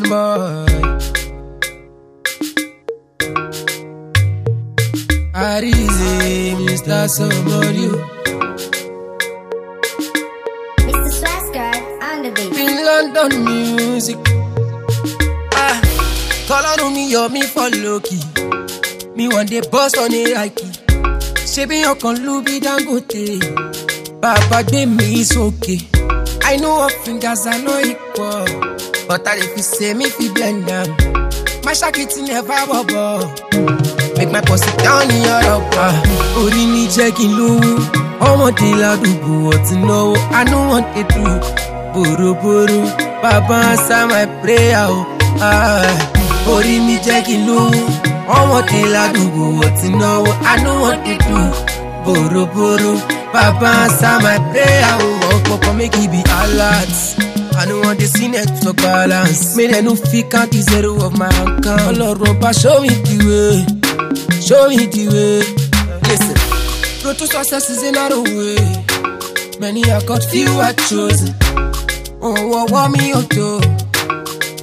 special boy. Arizi, Mr. Soborio. Mr. Swasgar on the beat. In London music. Ah, call on me, you me for Loki. Me one day boss on a hike. Ṣebí ọkàn ló bí Dangote. Bàbá gbé mi okay. I know of fingers are know equal. But I if you say me fi blend down. My shakiti never wobble. Make my pussy down in Europa. Orí mi jẹ́ kí n lówó. Ọmọdé ládùúgbò ọtí náwó. I don't want to do buru. Papa answer my prayer o. Ah, orí mi jẹ́ kí n lówó. Ọmọdé ládùúgbò ọtí náwó. I don't want to do buru. Papa answer my prayer o. Ọ̀pọ̀pọ̀ make e be alert. I don't want the sinet for balance. Made a new fit out the zero of my account. Lord Rumpa, show me the way. Show me the way. Listen, road to success is in our way. Many are got, few are chosen. Oh, what oh, oh, oh, me, do? too.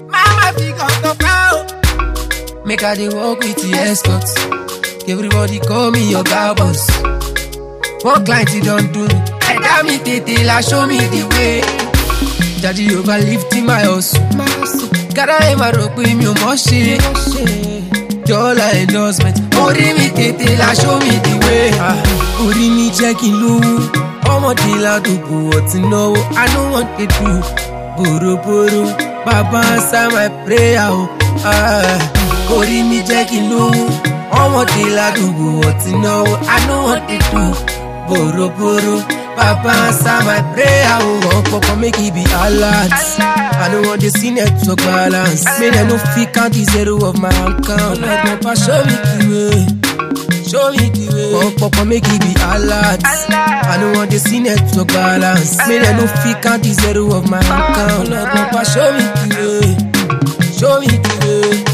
Mama, pick up the phone. Make I the walk with the escorts. Everybody call me your garbus. One client, you don't do. I got me they, they, show me the way. Daddy overlifting my hustle. Gotta aim a rope with me, moshe. Dollar endorsement. Orí mi tètè la show me the way. Ah, Orí mi jẹ́ kí n lówó. Ọmọdé ládùúgbò ọ̀tí náwó. I no want to do boroboro. Bàbá answer my prayer o. Oh. Ah, Orí mi jẹ́ kí n lówó. Ọmọdé ládùúgbò ọ̀tí náwó. I no want to do. boro boro. Papa answer my prayer, oh, oh, Papa make give be alert. I don't want the to balance. Me they no fit count the zero of my account. Like Papa show me the way. Show me the way. Oh, Papa, make give be alert. I don't want the to balance. Me they no fit count the zero of my account. Like Papa, show me the way. Show me the way.